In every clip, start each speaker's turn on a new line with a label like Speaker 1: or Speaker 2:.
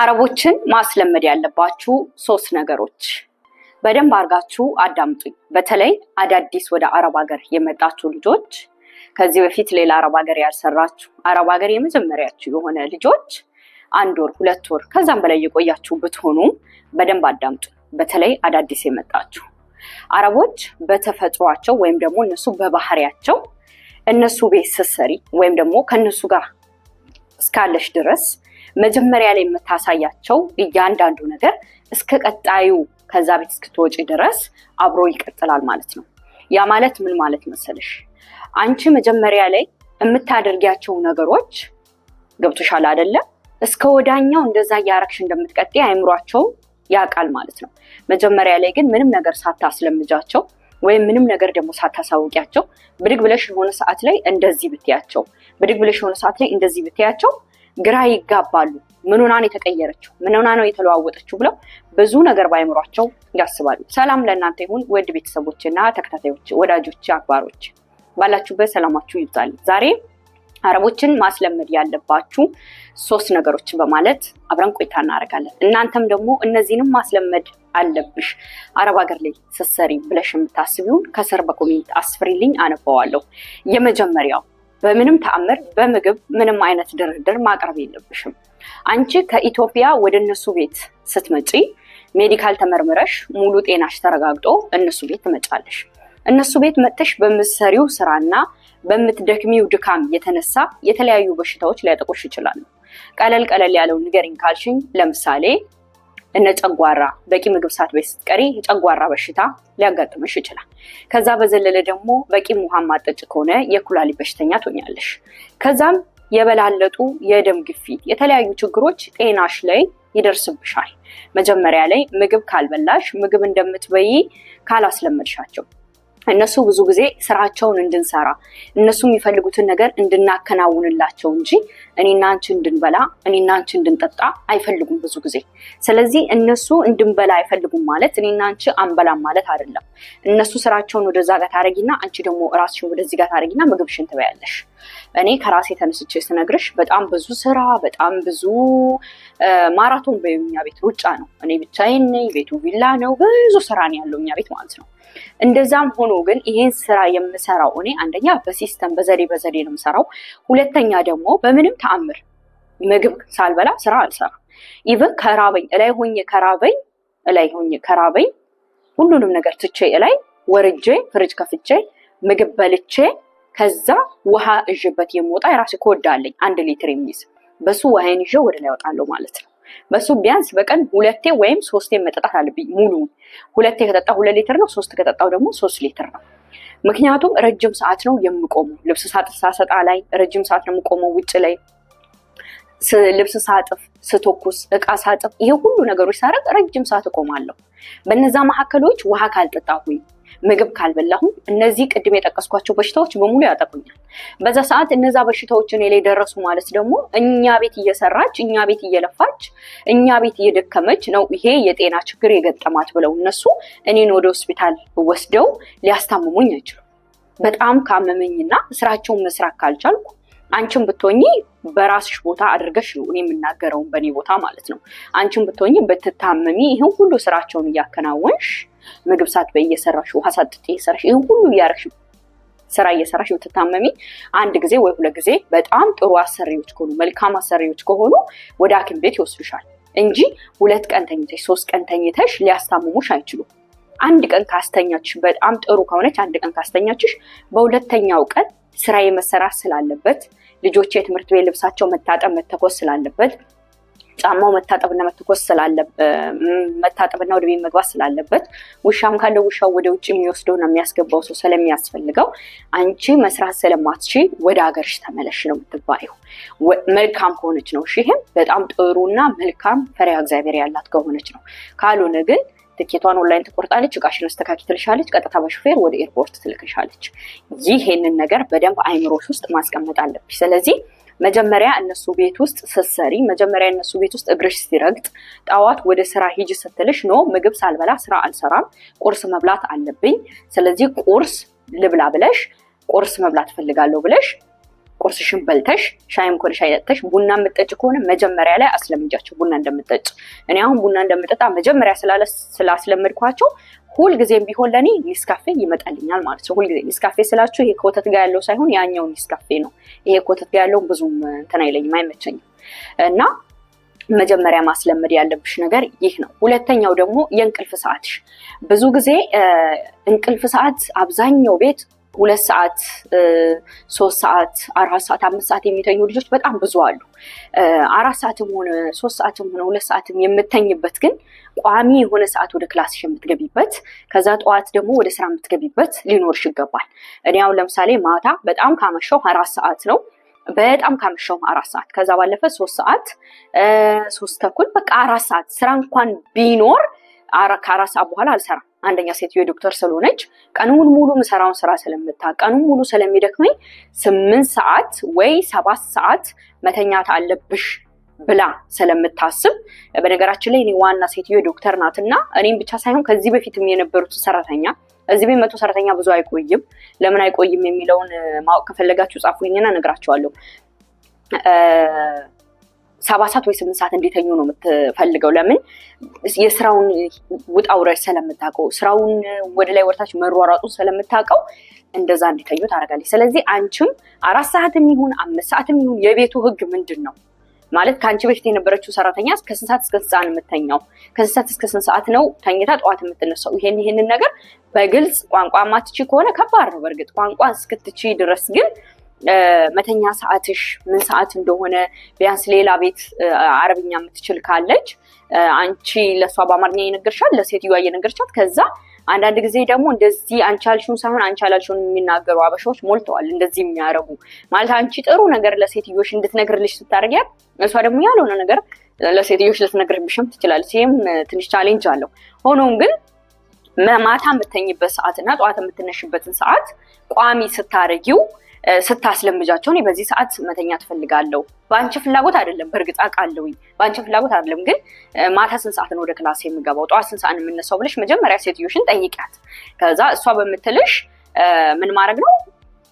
Speaker 1: አረቦችን ማስለመድ ያለባችሁ ሶስት ነገሮች በደንብ አድርጋችሁ አዳምጡኝ። በተለይ አዳዲስ ወደ አረብ ሀገር የመጣችሁ ልጆች፣ ከዚህ በፊት ሌላ አረብ ሀገር ያልሰራችሁ፣ አረብ ሀገር የመጀመሪያችሁ የሆነ ልጆች፣ አንድ ወር ሁለት ወር ከዛም በላይ የቆያችሁ ብትሆኑ በደንብ አዳምጡ። በተለይ አዳዲስ የመጣችሁ አረቦች በተፈጥሯቸው ወይም ደግሞ እነሱ በባህሪያቸው እነሱ ቤት ስትሰሪ ወይም ደግሞ ከእነሱ ጋር እስካለሽ ድረስ መጀመሪያ ላይ የምታሳያቸው እያንዳንዱ ነገር እስከ ቀጣዩ ከዛ ቤት እስክትወጪ ድረስ አብሮ ይቀጥላል ማለት ነው። ያ ማለት ምን ማለት መሰለሽ፣ አንቺ መጀመሪያ ላይ የምታደርጊያቸው ነገሮች ገብቶሻል አይደለም እስከ ወዳኛው እንደዛ እያረግሽ እንደምትቀጤ አይምሯቸው ያውቃል ማለት ነው። መጀመሪያ ላይ ግን ምንም ነገር ሳታስለምጃቸው ወይም ምንም ነገር ደግሞ ሳታሳውቂያቸው ብድግ ብለሽ የሆነ ሰዓት ላይ እንደዚህ ብትያቸው፣ ብድግ ብለሽ የሆነ ሰዓት ላይ እንደዚህ ብትያቸው ግራ ይጋባሉ። ምን ሆና ነው የተቀየረችው? ምን ሆና ነው የተለዋወጠችው? ብለው ብዙ ነገር ባይምሯቸው ያስባሉ። ሰላም ለእናንተ ይሁን ውድ ቤተሰቦችና ተከታታዮች፣ ወዳጆች፣ አክባሮች ባላችሁበት ሰላማችሁ ይብዛል። ዛሬ አረቦችን ማስለመድ ያለባችሁ ሶስት ነገሮች በማለት አብረን ቆይታ እናደርጋለን። እናንተም ደግሞ እነዚህንም ማስለመድ አለብሽ አረብ ሀገር ላይ ስትሰሪ ብለሽ የምታስቢውን ከስር በኮሜንት አስፍሪልኝ፣ አነበዋለሁ። የመጀመሪያው በምንም ተአምር በምግብ ምንም አይነት ድርድር ማቅረብ የለብሽም። አንቺ ከኢትዮጵያ ወደ እነሱ ቤት ስትመጪ ሜዲካል ተመርምረሽ ሙሉ ጤናሽ ተረጋግጦ እነሱ ቤት ትመጫለሽ። እነሱ ቤት መጥተሽ በምትሰሪው ስራና በምትደክሚው ድካም የተነሳ የተለያዩ በሽታዎች ሊያጠቁሽ ይችላሉ። ቀለል ቀለል ያለው ንገሪኝ ካልሽኝ ለምሳሌ እነ ጨጓራ በቂ ምግብ ሳትበይ ስትቀሪ የጨጓራ በሽታ ሊያጋጥምሽ ይችላል። ከዛ በዘለለ ደግሞ በቂ ውሃ ማጠጭ ከሆነ የኩላሊት በሽተኛ ትሆኛለሽ። ከዛም የበላለጡ የደም ግፊት፣ የተለያዩ ችግሮች ጤናሽ ላይ ይደርስብሻል። መጀመሪያ ላይ ምግብ ካልበላሽ ምግብ እንደምትበይ ካላስለመድሻቸው እነሱ ብዙ ጊዜ ስራቸውን እንድንሰራ እነሱ የሚፈልጉትን ነገር እንድናከናውንላቸው እንጂ እኔና አንቺ እንድንበላ እኔና አንቺ እንድንጠጣ አይፈልጉም ብዙ ጊዜ። ስለዚህ እነሱ እንድንበላ አይፈልጉም ማለት እኔና አንቺ አንበላም ማለት አይደለም። እነሱ ስራቸውን ወደዛ ጋር ታደረጊና አንቺ ደግሞ ራስሽን ወደዚህ ጋር ታደረጊና ምግብሽን ትበያለሽ። እኔ ከራሴ ተነስቼ ስነግርሽ በጣም ብዙ ስራ፣ በጣም ብዙ ማራቶን በእኛ ቤት ሩጫ ነው። እኔ ብቻዬን ነኝ። ቤቱ ቪላ ነው። ብዙ ስራ ነው ያለው እኛ ቤት ማለት ነው። እንደዛም ሆኖ ግን ይሄን ስራ የምሰራው እኔ አንደኛ በሲስተም በዘዴ በዘዴ ነው የምሰራው። ሁለተኛ ደግሞ በምንም ተአምር ምግብ ሳልበላ ስራ አልሰራም። ኢቨን ከራበኝ እላይ ሆኜ ከራበኝ እላይ ሆኜ ከራበኝ ሁሉንም ነገር ትቼ እላይ ወርጄ ፍሪጅ ከፍቼ ምግብ በልቼ ከዛ ውሃ እዥበት የምወጣ የራሴ ኮዳ አለኝ አንድ ሊትር የሚይዝ በሱ ውሃይን ይዤ ወደ ላይ ወጣለሁ ማለት ነው። በሱ ቢያንስ በቀን ሁለቴ ወይም ሶስቴ መጠጣት አለብኝ ሙሉውን። ሁለቴ ከጠጣ ሁለት ሊትር ነው፣ ሶስት ከጠጣው ደግሞ ሶስት ሊትር ነው። ምክንያቱም ረጅም ሰዓት ነው የምቆመው። ልብስ ሳሰጣ ላይ ረጅም ሰዓት ነው የምቆመው ውጭ ላይ ልብስ ሳጥፍ፣ ስተኩስ፣ እቃ ሳጥፍ፣ ይሄ ሁሉ ነገሮች ሳረግ ረጅም ሰዓት እቆማለሁ። በነዛ መካከሎች ውሃ ካልጠጣሁኝ ምግብ ካልበላሁም እነዚህ ቅድም የጠቀስኳቸው በሽታዎች በሙሉ ያጠቁኛል። በዛ ሰዓት እነዛ በሽታዎች እኔ ላይ ደረሱ ማለት ደግሞ እኛ ቤት እየሰራች እኛ ቤት እየለፋች እኛ ቤት እየደከመች ነው ይሄ የጤና ችግር የገጠማት ብለው እነሱ እኔን ወደ ሆስፒታል ወስደው ሊያስታምሙኝ አይችሉም። በጣም ካመመኝና ስራቸውን መስራት ካልቻልኩ አንችን ብትሆኚ በራስሽ ቦታ አድርገሽ ነው እኔ የምናገረውን በእኔ ቦታ ማለት ነው። አንቺን ብትሆኚ ብትታመሚ ይህን ሁሉ ስራቸውን እያከናወንሽ ምግብ ሳትበይ እየሰራሽ፣ ውሃ ሳትጠጪ እየሰራሽ፣ ይህ ሁሉ እያረግሽ ስራ እየሰራሽ ብትታመሚ አንድ ጊዜ ወይ ሁለት ጊዜ በጣም ጥሩ አሰሪዎች ከሆኑ መልካም አሰሪዎች ከሆኑ ወደ ሐኪም ቤት ይወስዱሻል እንጂ ሁለት ቀን ተኝተሽ ሶስት ቀን ተኝተሽ ሊያስታምሙሽ አይችሉም። አንድ ቀን ካስተኛችሽ በጣም ጥሩ ከሆነች አንድ ቀን ካስተኛችሽ በሁለተኛው ቀን ስራ የመሰራት ስላለበት ልጆች የትምህርት ቤት ልብሳቸው መታጠብ መተኮስ ስላለበት ጫማው መታጠብና መተኮስ መታጠብና ወደ ቤት መግባት ስላለበት ውሻም ካለ ውሻው ወደ ውጭ የሚወስደው ነው የሚያስገባው ሰው ስለሚያስፈልገው አንቺ መስራት ስለማትች ወደ ሀገርሽ ተመለሽ ነው የምትባይው። መልካም ከሆነች ነው። ይህም በጣም ጥሩና መልካም ፈሪሃ እግዚአብሔር ያላት ከሆነች ነው። ካልሆነ ግን ትኬቷን ኦንላይን ትቆርጣለች፣ እቃሽን አስተካኪ ትልሻለች፣ ቀጥታ በሹፌር ወደ ኤርፖርት ትልክሻለች። ይህንን ነገር በደንብ አይምሮሽ ውስጥ ማስቀመጥ አለብሽ። ስለዚህ መጀመሪያ እነሱ ቤት ውስጥ ስትሰሪ፣ መጀመሪያ እነሱ ቤት ውስጥ እግርሽ ሲረግጥ፣ ጠዋት ወደ ስራ ሂጅ ስትልሽ ኖ ምግብ ሳልበላ ስራ አልሰራም፣ ቁርስ መብላት አለብኝ፣ ስለዚህ ቁርስ ልብላ ብለሽ ቁርስ መብላት ፈልጋለሁ ብለሽ ቁርስሽን በልተሽ ሻይም ከሆነ ሻይ ጠጥተሽ ቡና የምጠጭ ከሆነ መጀመሪያ ላይ አስለምጃቸው ቡና እንደምጠጭ። እኔ አሁን ቡና እንደምጠጣ መጀመሪያ ስላስለመድኳቸው ሁልጊዜም ቢሆን ለእኔ ካፌ ይመጣልኛል ማለት ነው። ሁልጊዜ ኔስካፌ ስላችሁ ይሄ ከወተት ጋር ያለው ሳይሆን ያኛው ኔስካፌ ነው። ይሄ ከወተት ጋር ያለው ብዙም እንትን አይለኝም፣ አይመቸኝም እና መጀመሪያ ማስለመድ ያለብሽ ነገር ይህ ነው። ሁለተኛው ደግሞ የእንቅልፍ ሰዓትሽ። ብዙ ጊዜ እንቅልፍ ሰዓት አብዛኛው ቤት ሁለት ሰዓት ሶስት ሰዓት አራት ሰዓት አምስት ሰዓት የሚተኙ ልጆች በጣም ብዙ አሉ። አራት ሰዓትም ሆነ ሶስት ሰዓትም ሆነ ሁለት ሰዓትም የምተኝበት ግን ቋሚ የሆነ ሰዓት ወደ ክላስ የምትገቢበት ከዛ ጠዋት ደግሞ ወደ ስራ የምትገቢበት ሊኖርሽ ይገባል። እኔ አሁን ለምሳሌ ማታ በጣም ካመሸው አራት ሰዓት ነው በጣም ካመሸውም አራት ሰዓት ከዛ ባለፈ ሶስት ሰዓት ሶስት ተኩል በቃ አራት ሰዓት ስራ እንኳን ቢኖር ከአራት ሰዓት በኋላ አልሰራም። አንደኛ ሴትዮ ዶክተር ስለሆነች ቀኑን ሙሉ ምሰራውን ስራ ስለምታ ቀኑን ሙሉ ስለሚደክመኝ ስምንት ሰዓት ወይ ሰባት ሰዓት መተኛት አለብሽ ብላ ስለምታስብ በነገራችን ላይ እኔ ዋና ሴትዮ ዶክተር ናትና እኔም ብቻ ሳይሆን ከዚህ በፊትም የነበሩት ሰራተኛ እዚህ ቤት መቶ ሰራተኛ ብዙ አይቆይም። ለምን አይቆይም የሚለውን ማወቅ ከፈለጋችሁ ጻፉኝና እነግራችኋለሁ። ሰባት ሰዓት ወይ ስምንት ሰዓት እንዲተኙ ነው የምትፈልገው። ለምን የስራውን ውጣ ውረድ ስለምታውቀው፣ ስራውን ወደ ላይ ወርታች መሯሯጡ ስለምታውቀው እንደዛ እንዲተኙ ታደርጋለች። ስለዚህ አንቺም አራት ሰዓትም ይሁን አምስት ሰዓትም ይሁን የቤቱ ህግ ምንድን ነው ማለት ከአንቺ በፊት የነበረችው ሰራተኛ ከስንት ሰዓት እስከ ስንት ሰዓት የምተኛው ከስንት ሰዓት እስከ ስንት ሰዓት ነው ተኝታ ጠዋት የምትነሳው? ይሄን ይሄንን ነገር በግልጽ ቋንቋ ማትቺ ከሆነ ከባድ ነው። በእርግጥ ቋንቋ እስክትቺ ድረስ ግን መተኛ ሰዓትሽ ምን ሰዓት እንደሆነ ቢያንስ ሌላ ቤት አረብኛ የምትችል ካለች አንቺ ለእሷ በአማርኛ እየነገርሻት ለሴትዮዋ እየነገርቻት ከዛ አንዳንድ ጊዜ ደግሞ እንደዚህ አንቺ አልሽውን ሳይሆን አንቺ አላልሽውን የሚናገሩ አበሻዎች ሞልተዋል። እንደዚህ የሚያደርጉ ማለት አንቺ ጥሩ ነገር ለሴትዮሽ እንድትነግርልሽ ስታደርጊያት፣ እሷ ደግሞ ያልሆነ ነገር ለሴትዮሽ ልትነግርብሽም ትችላለች። ይህም ትንሽ ቻሌንጅ አለው። ሆኖም ግን ማታ የምተኝበት ሰዓት እና ጠዋት የምትነሽበትን ሰዓት ቋሚ ስታደርጊው ስታስለምጃቸው እኔ በዚህ ሰዓት መተኛ ትፈልጋለሁ። በአንቺ ፍላጎት አይደለም፣ በእርግጥ አውቃለሁኝ። በአንቺ ፍላጎት አይደለም፣ ግን ማታ ስንት ሰዓት ነው ወደ ክላስ የምገባው፣ ጠዋት ስንት ሰዓት የምነሳው ብለሽ መጀመሪያ ሴትዮሽን ጠይቂያት። ከዛ እሷ በምትልሽ ምን ማድረግ ነው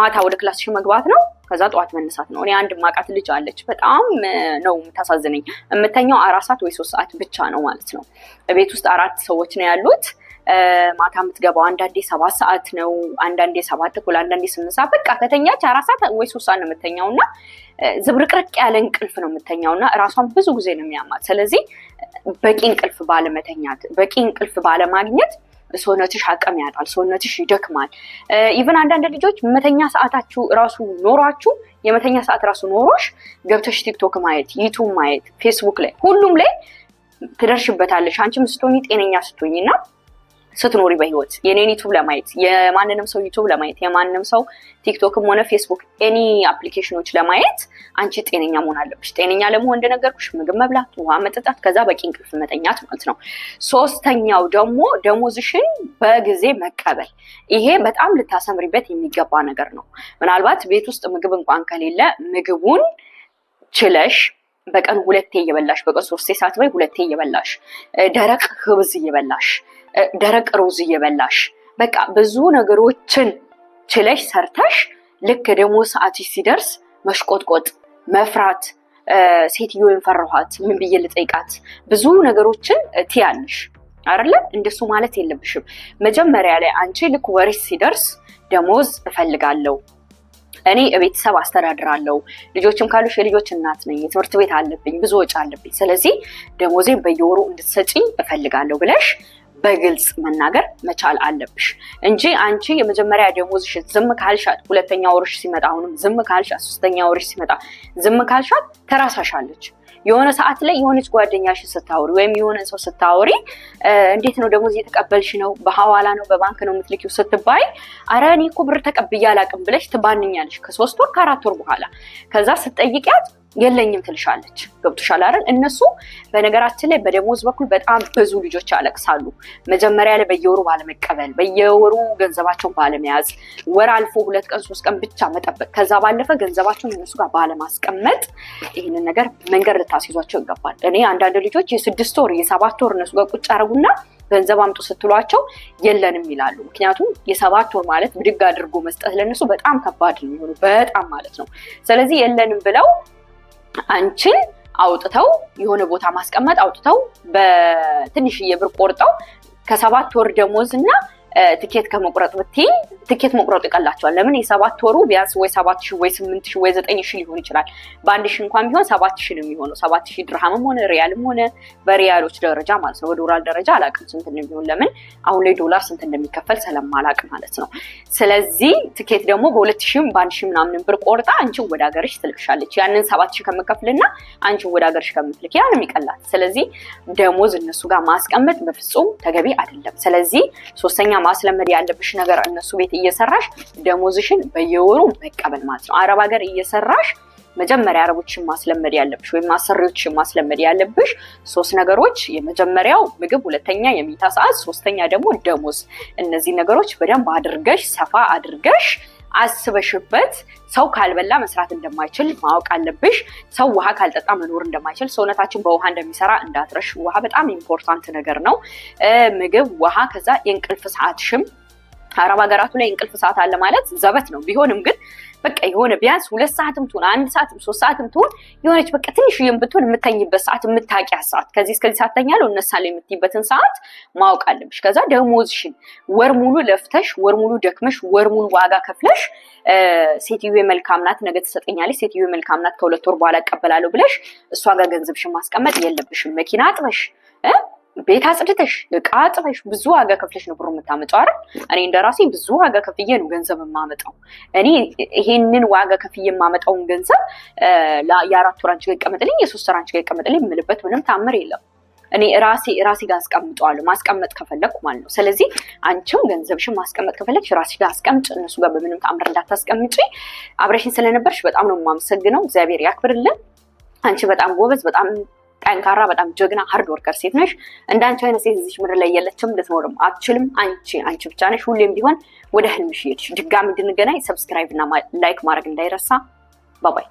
Speaker 1: ማታ ወደ ክላስሽ መግባት ነው፣ ከዛ ጠዋት መነሳት ነው። እኔ አንድ ማቃት ልጅ አለች፣ በጣም ነው የምታሳዝነኝ። የምተኛው አራት ሰዓት ወይ ሶስት ሰዓት ብቻ ነው ማለት ነው። ቤት ውስጥ አራት ሰዎች ነው ያሉት ማታ የምትገባው አንዳንዴ ሰባት ሰዓት ነው፣ አንዳንዴ ሰባት ተኩል፣ አንዳንዴ ስምንት ሰዓት በቃ ከተኛች አራት ሰዓት ወይ ሶስት ሰዓት ነው የምተኛው እና ዝብርቅርቅ ያለ እንቅልፍ ነው የምተኛው እና ራሷን ብዙ ጊዜ ነው የሚያማት። ስለዚህ በቂ እንቅልፍ ባለመተኛት፣ በቂ እንቅልፍ ባለማግኘት ሰውነትሽ አቅም ያጣል፣ ሰውነትሽ ይደክማል። ኢቨን አንዳንድ ልጆች መተኛ ሰዓታችሁ ራሱ ኖሯችሁ የመተኛ ሰዓት ራሱ ኖሮሽ ገብተሽ ቲክቶክ ማየት፣ ዩቱብ ማየት፣ ፌስቡክ ላይ ሁሉም ላይ ትደርሽበታለሽ አንቺም ስትሆኚ ጤነኛ ስትሆኚ እና ስትኖሪ በህይወት የኔን ዩቱብ ለማየት የማንንም ሰው ዩቱብ ለማየት የማንንም ሰው ቲክቶክም ሆነ ፌስቡክ ኤኒ አፕሊኬሽኖች ለማየት አንቺ ጤነኛ መሆን አለብሽ። ጤነኛ ለመሆን እንደነገርኩሽ ምግብ መብላት፣ ውሃ መጠጣት፣ ከዛ በቂ እንቅልፍ መተኛት ማለት ነው። ሶስተኛው ደግሞ ደሞዝሽን በጊዜ መቀበል። ይሄ በጣም ልታሰምሪበት የሚገባ ነገር ነው። ምናልባት ቤት ውስጥ ምግብ እንኳን ከሌለ ምግቡን ችለሽ በቀን ሁለቴ እየበላሽ በቀን ሶስቴ ሰዓት በይ ሁለቴ እየበላሽ ደረቅ ህብዝ እየበላሽ ደረቅ ሩዝ እየበላሽ በቃ ብዙ ነገሮችን ችለሽ ሰርተሽ ልክ ደግሞ ሰዓትሽ ሲደርስ መሽቆጥቆጥ፣ መፍራት ሴትዮ ፈራኋት፣ ምን ብዬ ልጠይቃት፣ ብዙ ነገሮችን ትያለሽ አይደለ? እንደሱ ማለት የለብሽም። መጀመሪያ ላይ አንቺ ልክ ወሬሽ ሲደርስ ደሞዝ እፈልጋለሁ እኔ ቤተሰብ አስተዳድራለሁ፣ ልጆችም ካሉሽ የልጆች እናት ነኝ፣ የትምህርት ቤት አለብኝ፣ ብዙ ወጪ አለብኝ፣ ስለዚህ ደሞዜን በየወሩ እንድትሰጪኝ እፈልጋለሁ ብለሽ በግልጽ መናገር መቻል አለብሽ እንጂ አንቺ የመጀመሪያ ደሞዝሽን ዝም ካልሻት፣ ሁለተኛ ወርሽ ሲመጣ አሁንም ዝም ካልሻት፣ ሶስተኛ ወርሽ ሲመጣ ዝም ካልሻት ተራሳሻለች። የሆነ ሰዓት ላይ የሆነች ጓደኛሽን ስታወሪ ወይም የሆነ ሰው ስታወሪ እንዴት ነው ደሞዝ እየተቀበልሽ ነው? በሀዋላ ነው በባንክ ነው የምትልኪው ስትባይ አረ እኔ እኮ ብር ተቀብዬ አላቅም ብለሽ ትባንኛለሽ። ከሶስት ወር ከአራት ወር በኋላ ከዛ ስትጠይቂያት የለኝም ትልሻለች። ገብቶሻል አይደል? እነሱ በነገራችን ላይ በደሞዝ በኩል በጣም ብዙ ልጆች ያለቅሳሉ። መጀመሪያ ላይ በየወሩ ባለመቀበል፣ በየወሩ ገንዘባቸውን ባለመያዝ፣ ወር አልፎ ሁለት ቀን ሶስት ቀን ብቻ መጠበቅ፣ ከዛ ባለፈ ገንዘባቸውን እነሱ ጋር ባለማስቀመጥ ይህንን ነገር መንገድ ልታስይዟቸው ይገባል። እኔ አንዳንድ ልጆች የስድስት ወር የሰባት ወር እነሱ ጋር ቁጭ አረጉና ገንዘብ አምጡ ስትሏቸው የለንም ይላሉ። ምክንያቱም የሰባት ወር ማለት ብድግ አድርጎ መስጠት ለእነሱ በጣም ከባድ ነው የሚሆኑ በጣም ማለት ነው። ስለዚህ የለንም ብለው አንቺን አውጥተው የሆነ ቦታ ማስቀመጥ አውጥተው በትንሽዬ ብር ቆርጠው ከሰባት ወር ደሞዝ እና ትኬት ከመቁረጥ ብትይ ትኬት መቁረጡ ይቀላቸዋል። ለምን የሰባት ወሩ ቢያንስ ወይ ሰባት ሺ ወይ ስምንት ሺ ወይ ዘጠኝ ሺ ሊሆን ይችላል። በአንድ ሺ እንኳን ቢሆን ሰባት ሺ ነው የሚሆነው። ሰባት ሺ ድርሃምም ሆነ ሪያልም ሆነ በሪያሎች ደረጃ ማለት ነው። በዶላር ደረጃ አላቅም ስንት እንደሚሆን ለምን አሁን ላይ ዶላር ስንት እንደሚከፈል ስለማላቅ ማለት ነው። ስለዚህ ትኬት ደግሞ በሁለት ሺም በአንድ ሺ ምናምን ብር ቆርጣ አንቺን ወደ ሀገርሽ ትልክሻለች። ያንን ሰባት ሺ ከምከፍልና አንቺን ወደ ሀገርሽ ከምትልክ ያንም ይቀላል። ስለዚህ ደሞዝ እነሱ ጋር ማስቀመጥ በፍጹም ተገቢ አይደለም። ስለዚህ ሶስተኛ ማስለመድ ያለብሽ ነገር እነሱ ቤት እየሰራሽ ደሞዝሽን በየወሩ መቀበል ማለት ነው። አረብ ሀገር እየሰራሽ መጀመሪያ አረቦችን ማስለመድ ያለብሽ ወይም አሰሪዎችን ማስለመድ ያለብሽ ሶስት ነገሮች፣ የመጀመሪያው ምግብ፣ ሁለተኛ የሚታ ሰዓት፣ ሶስተኛ ደግሞ ደሞዝ። እነዚህ ነገሮች በደንብ አድርገሽ ሰፋ አድርገሽ አስበሽበት ሰው ካልበላ መስራት እንደማይችል ማወቅ አለብሽ። ሰው ውሃ ካልጠጣ መኖር እንደማይችል፣ ሰውነታችን በውሃ እንደሚሰራ እንዳትረሽ። ውሃ በጣም ኢምፖርታንት ነገር ነው። ምግብ፣ ውሃ፣ ከዛ የእንቅልፍ ሰዓትሽም አረብ ሀገራቱ ላይ እንቅልፍ ሰዓት አለ ማለት ዘበት ነው። ቢሆንም ግን በቃ የሆነ ቢያንስ ሁለት ሰዓትም ትሁን አንድ ሰዓትም ሶስት ሰዓትም ትሁን የሆነች በቃ ትንሽዬም ብትሆን የምተኝበት ሰዓት የምታውቂያ ሰዓት ከዚህ እስከዚህ ሰዓት ተኛለሁ እነሳለሁ የምትይበትን ሰዓት ማወቅ አለብሽ። ከዛ ደሞዝሽን ወር ሙሉ ለፍተሽ ወር ሙሉ ደክመሽ ወር ሙሉ ዋጋ ከፍለሽ ሴትዮ መልካም ናት ነገ ትሰጠኛለች፣ ሴትዮ መልካም ናት ከሁለት ወር በኋላ እቀበላለሁ ብለሽ እሷ ጋር ገንዘብሽን ማስቀመጥ የለብሽም። መኪና አጥበሽ ቤት አጽድተሽ እቃ አጥበሽ ብዙ ዋጋ ከፍለሽ ነው ብሩ የምታመጫው አይደል? እኔ እንደራሴ ብዙ ዋጋ ከፍዬ ነው ገንዘብ የማመጣው። እኔ ይሄንን ዋጋ ከፍዬ የማመጣውን ገንዘብ የአራት ወር አንቺ ጋር ይቀመጥልኝ፣ የሶስት ወር አንቺ ጋር ይቀመጥልኝ የምልበት ምንም ታምር የለም። እኔ ራሴ ራሴ ጋር አስቀምጠዋለሁ ማስቀመጥ ከፈለግኩ ማለት ነው። ስለዚህ አንቺም ገንዘብሽን ማስቀመጥ ከፈለግሽ ራሴ ጋር አስቀምጭ፣ እነሱ ጋር በምንም ታምር እንዳታስቀምጪ። አብረሽን ስለነበርሽ በጣም ነው የማመሰግነው። እግዚአብሔር ያክብርልን። አንቺ በጣም ጎበዝ፣ በጣም ጠንካራ፣ በጣም ጀግና ሀርድ ወርከር ሴት ነሽ። እንዳንቺ አይነት ሴት እዚች ምድር ላይ የለችም፣ ልትኖርም አትችልም። አንቺ አንቺ ብቻ ነሽ። ሁሌም ቢሆን ወደ ህልምሽ ሄድሽ። ድጋሚ እንድንገናኝ ሰብስክራይብ እና ላይክ ማድረግ እንዳይረሳ። ባባይ